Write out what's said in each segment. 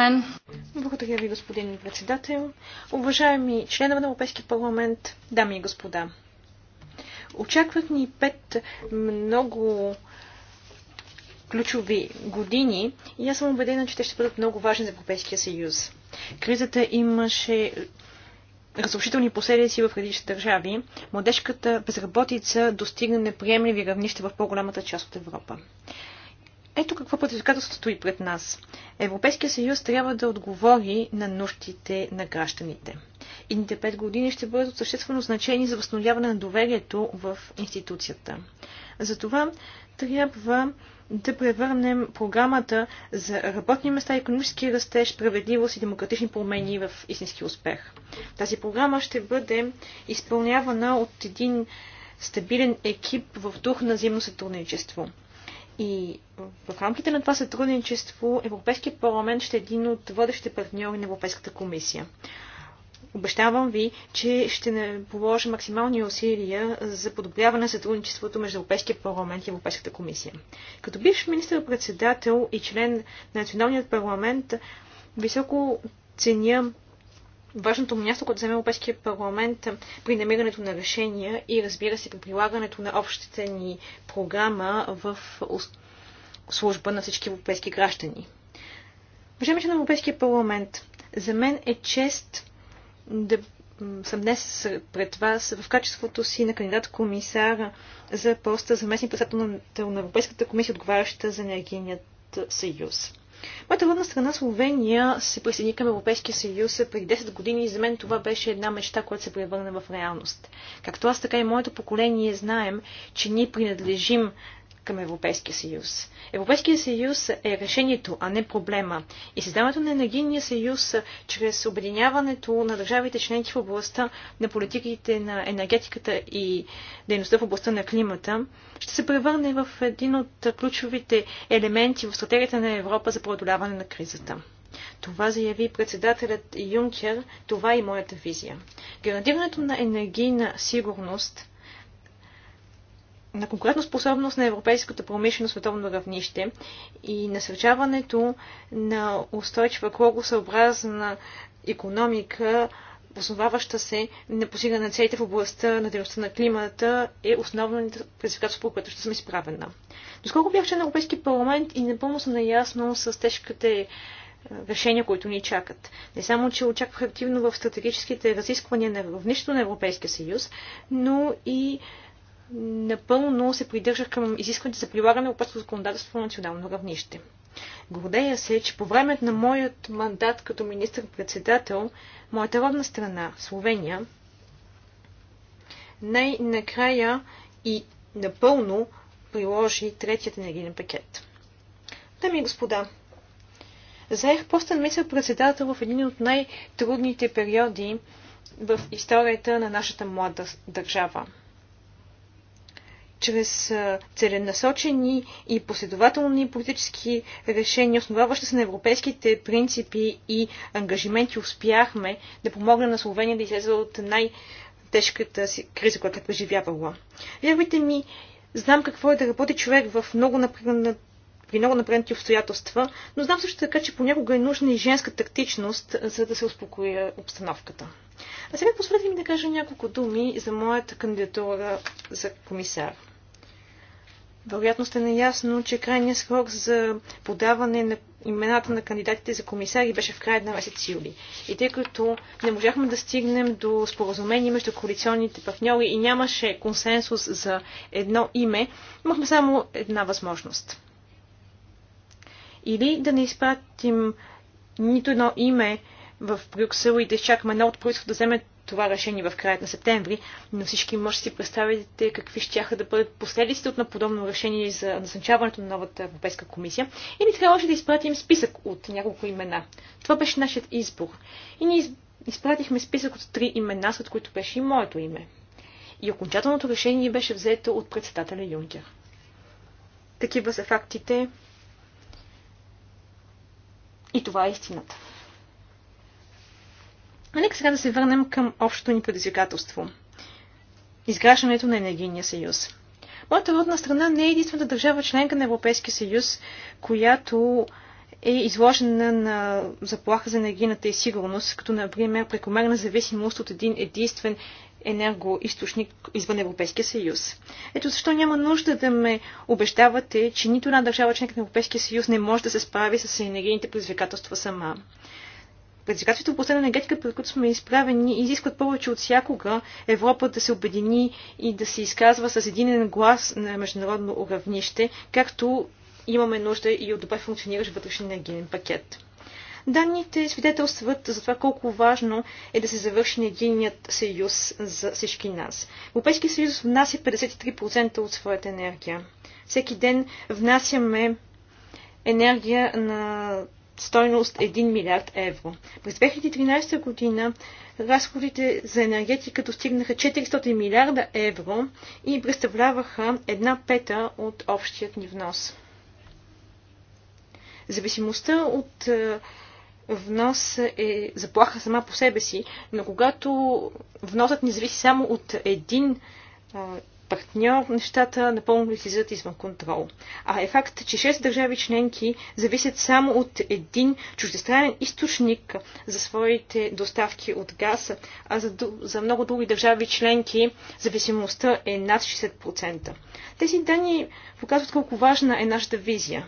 Мен. Благодаря ви, господин председател. Уважаеми членове на Европейския парламент, дами и господа. Очакват ни пет много ключови години и аз съм убедена, че те ще бъдат много важни за Европейския съюз. Кризата имаше разрушителни последици в различни държави, младежката безработица достигна неприемливи равнища в по-голямата част от Европа. Ето какво предизвикателство стои пред нас. Европейския съюз трябва да отговори на нуждите на гражданите. Идните пет години ще бъдат от съществено значение за възстановяване на доверието в институцията. Затова трябва да превърнем програмата за работни места, економически растеж, справедливост и демократични промени в истински успех. Тази програма ще бъде изпълнявана от един стабилен екип в дух на взаимно сътрудничество. И в рамките на това сътрудничество Европейския парламент ще е един от водещите партньори на Европейската комисия. Обещавам ви, че ще не положа максимални усилия за подобряване на сътрудничеството между Европейския парламент и Европейската комисия. Като бивш министър-председател и член на Националният парламент, високо ценя важното място, което вземе Европейския парламент при намирането на решения и разбира се при прилагането на общата ни програма в служба на всички европейски граждани. Уважаеми на Европейския парламент, за мен е чест да съм днес пред вас в качеството си на кандидат-комисар за поста заместник председател на Европейската комисия, отговаряща за енергийният съюз. Моята родна страна Словения се присъедини към Европейския съюз преди 10 години и за мен това беше една мечта, която се превърна в реалност. Както аз, така и моето поколение знаем, че ние принадлежим към Европейския съюз. Европейския съюз е решението, а не проблема. И създаването на енергийния съюз чрез обединяването на държавите членки в областта на политиките на енергетиката и дейността в областта на климата ще се превърне в един от ключовите елементи в стратегията на Европа за преодоляване на кризата. Това заяви председателят Юнкер, това е и моята визия. Гарантирането на енергийна сигурност на способност на европейската промишлено световно равнище и насърчаването на устойчива екологосъобразна економика, основаваща се на постигане на целите в областта на дейността на климата, е основната предизвикателство, по което ще съм изправена. сколко бях член на Европейски парламент и напълно съм наясно с тежките е, решения, които ни чакат. Не само, че очаквах активно в стратегическите разисквания на равнището на Европейския съюз, но и напълно се придържах към изискването за прилагане на опасното законодателство на национално равнище. Гордея се, че по време на моят мандат като министр-председател, моята родна страна, Словения, най-накрая и напълно приложи третият енергиен пакет. Дами и господа, заех постен министр-председател в един от най-трудните периоди в историята на нашата млада държава – чрез целенасочени и последователни политически решения, основаващи се на европейските принципи и ангажименти, успяхме да помогнем на Словения да излезе от най-тежката си криза, която е преживявала. Вярвайте ми, знам какво е да работи човек в много напрегнат при много напрегнати обстоятелства, но знам също така, че понякога е нужна и женска тактичност, за да се успокои обстановката. А сега позволете ми да кажа няколко думи за моята кандидатура за комисар. Вероятно сте наясно, че крайният срок за подаване на имената на кандидатите за комисари беше в края на месец юли. И тъй като не можахме да стигнем до споразумение между коалиционните партньори и нямаше консенсус за едно име, имахме само една възможност. Или да не изпратим нито едно име в Брюксел и да изчакаме едно от правителството да вземе това решение в краят на септември, но всички може да си представите какви ще да бъдат последиците от на подобно решение за назначаването на новата Европейска комисия. И ни трябваше да изпратим списък от няколко имена. Това беше нашият избор. И ние изпратихме списък от три имена, след които беше и моето име. И окончателното решение беше взето от председателя Юнкер. Такива са фактите. И това е истината. Нека сега да се върнем към общото ни предизвикателство. Изграждането на енергийния съюз. Моята родна страна не е единствената държава членка на Европейския съюз, която е изложена на заплаха за енергийната и сигурност, като например прекомерна зависимост от един единствен енергоисточник извън Европейския съюз. Ето защо няма нужда да ме обещавате, че нито една държава членка на Европейския съюз не може да се справи с енергийните предизвикателства сама. Предизвикателството в областта на енергетиката, пред които сме изправени, изискват повече от всякога Европа да се обедини и да се изказва с единен глас на международно равнище, както имаме нужда и от добре функциониращ вътрешен енергиен пакет. Данните свидетелстват за това колко важно е да се завърши единият съюз за всички нас. Европейския съюз внася 53% от своята енергия. Всеки ден внасяме енергия на стойност 1 милиард евро. През 2013 година разходите за енергетика достигнаха 400 милиарда евро и представляваха една пета от общият ни внос. Зависимостта от е, внос е заплаха сама по себе си, но когато вносът ни зависи само от един е, партньор, нещата напълно излизат извън контрол. А е факт, че 6 държави членки зависят само от един чуждестранен източник за своите доставки от газ, а за, за много други държави членки зависимостта е над 60%. Тези данни показват колко важна е нашата визия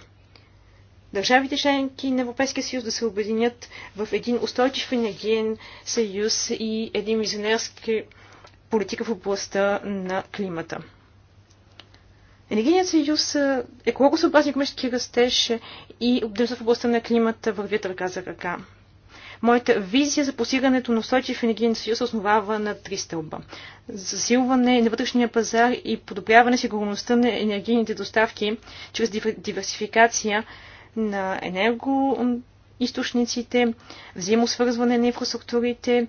държавите членки на Европейския съюз да се объединят в един устойчив енергиен съюз и един визионерски политика в областта на климата. Енергийният съюз, е, екологосъобразни економически растеж и обдържа в областта на климата вървят ръка за ръка. Моята визия за постигането на устойчив енергиен съюз основава на три стълба. Засилване на вътрешния пазар и подобряване сигурността на енергийните доставки чрез диверсификация на енергоисточниците, взаимосвързване на инфраструктурите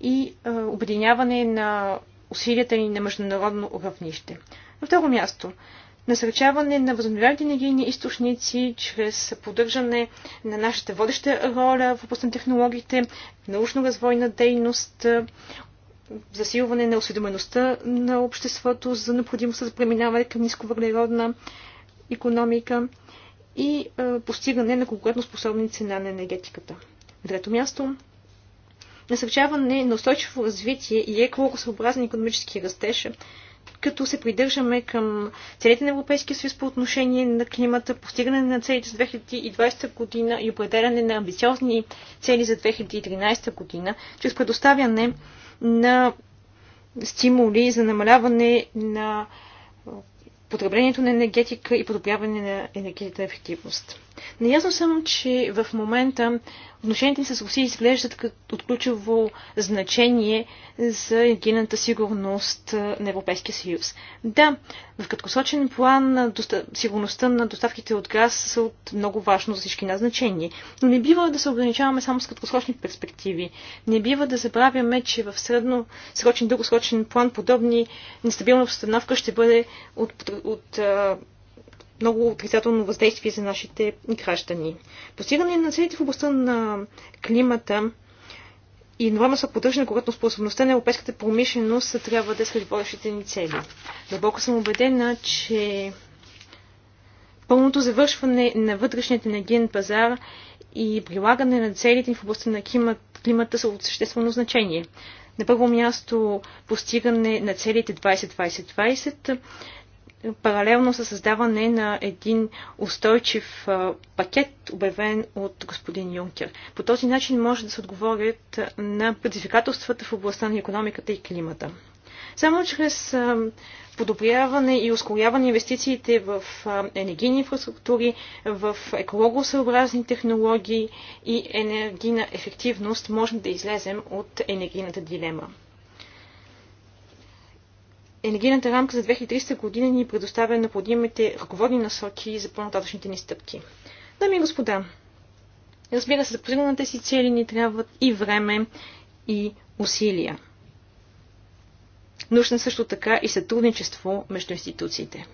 и обединяване на усилията ни на международно равнище. На второ място, насърчаване на възобновяемите енергийни източници чрез поддържане на нашата водеща роля в областта на технологиите, научно-развойна дейност, засилване на осведомеността на обществото за необходимостта за преминаване към нисковъглеродна економика и постигане на конкурентоспособни цена на енергетиката. На трето място насърчаване на устойчиво развитие и екологосъобразен економически растеж, като се придържаме към целите на Европейския съюз по отношение на климата, постигане на целите за 2020 година и определяне на амбициозни цели за 2013 година, чрез предоставяне на стимули за намаляване на потреблението на енергетика и подобряване на енергийната ефективност. Неясно съм, че в момента отношенията с Русия изглеждат като от ключово значение за енергийната сигурност на Европейския съюз. Да, в краткосрочен план сигурността на доставките от газ са от много важно за всички нас значение. Но не бива да се ограничаваме само с краткосрочни перспективи. Не бива да забравяме, че в средно срочен дългосрочен план подобни нестабилна обстановка ще бъде от, от, от много отрицателно въздействие за нашите граждани. Постигане на целите в областта на климата и норма са поддържане, когато способността на европейската промишленост трябва да е сред водещите ни цели. Дълбоко съм убедена, че пълното завършване на вътрешният енергиен пазар и прилагане на целите в областта на климата са от съществено значение. На първо място постигане на целите 20-20-20, паралелно със създаване на един устойчив пакет, обявен от господин Юнкер. По този начин може да се отговорят на предизвикателствата в областта на економиката и климата. Само чрез подобряване и ускоряване инвестициите в енергийни инфраструктури, в екологосъобразни технологии и енергийна ефективност можем да излезем от енергийната дилема енергийната рамка за 2300 година ни предоставя необходимите ръководни насоки за по-нататъчните ни стъпки. Дами и господа, разбира се, за постигане на тези цели ни трябват и време, и усилия. Нужно е също така и сътрудничество между институциите.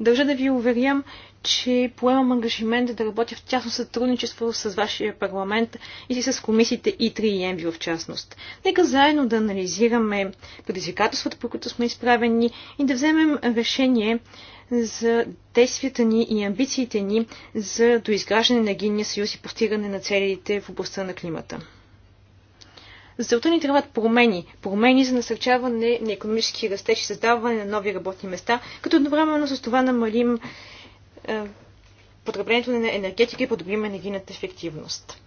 Държа да ви уверям, че поемам ангажимент да работя в тясно сътрудничество с вашия парламент и с комисиите и 3 и МВ в частност. Нека заедно да анализираме предизвикателствата, по които сме изправени и да вземем решение за действията ни и амбициите ни за доизграждане на Гинния съюз и постигане на целите в областта на климата. За целта ни трябват промени. Промени за насърчаване на економически растеж и създаване на нови работни места, като едновременно с това намалим е, потреблението на енергетика и подобрим енергийната ефективност.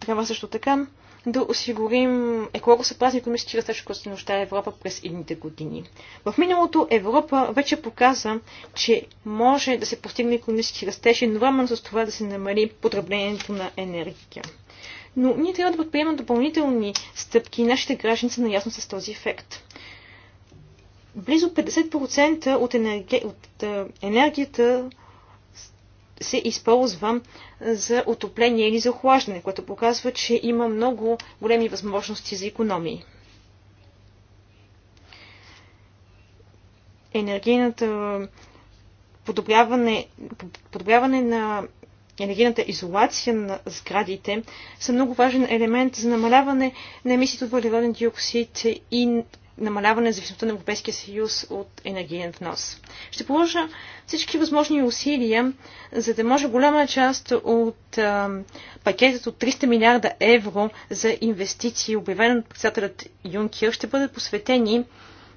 Трябва също така да осигурим екологосъобразни економически растеж, който се нуждае Европа през едните години. В миналото Европа вече показа, че може да се постигне економически растеж, едновременно с това да се намали потреблението на енергия. Но ние трябва да предприемем допълнителни стъпки и нашите граждани са наясно с този ефект. Близо 50% от, енерги... от е, енергията се използва за отопление или за охлаждане, което показва, че има много големи възможности за економии. Енергийната подобряване, подобряване на енергийната изолация на сградите са много важен елемент за намаляване на емисиите от въглероден диоксид и намаляване на зависимостта на Европейския съюз от енергиен внос. Ще положа всички възможни усилия, за да може голяма част от а, пакетът от 300 милиарда евро за инвестиции, обявен от председателят Юнкер, ще бъдат посветени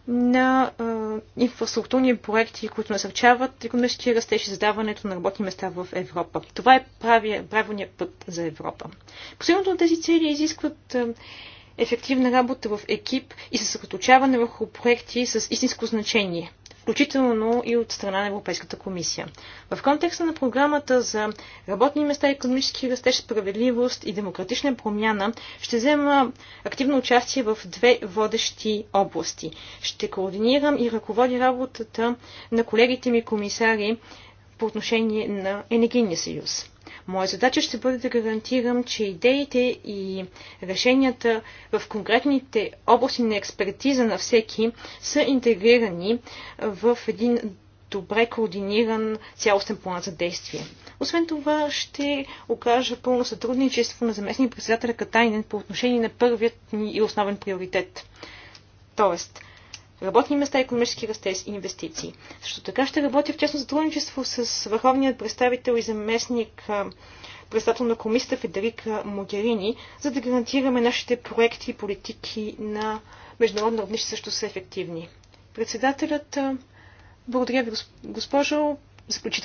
на а, инфраструктурни проекти, които насърчават економическия растеж и създаването на работни места в Европа. Това е правилният път за Европа. Последното на тези цели изискват а, ефективна работа в екип и съсредоточаване върху проекти с истинско значение, включително и от страна на Европейската комисия. В контекста на програмата за работни места, економически растеж, справедливост и демократична промяна ще взема активно участие в две водещи области. Ще координирам и ръководя работата на колегите ми комисари по отношение на Енергийния съюз. Моя задача ще бъде да гарантирам, че идеите и решенията в конкретните области на експертиза на всеки са интегрирани в един добре координиран цялостен план за действие. Освен това ще окажа пълно сътрудничество на заместник председателя Катайнен по отношение на първият ни и основен приоритет. Тоест, работни места, економически растеж и инвестиции. Също така ще работя в честно сътрудничество с върховният представител и заместник председател на комисията Федерика Могерини, за да гарантираме нашите проекти и политики на международно равнище също са ефективни. Председателят, благодаря ви, госпожо. Заключително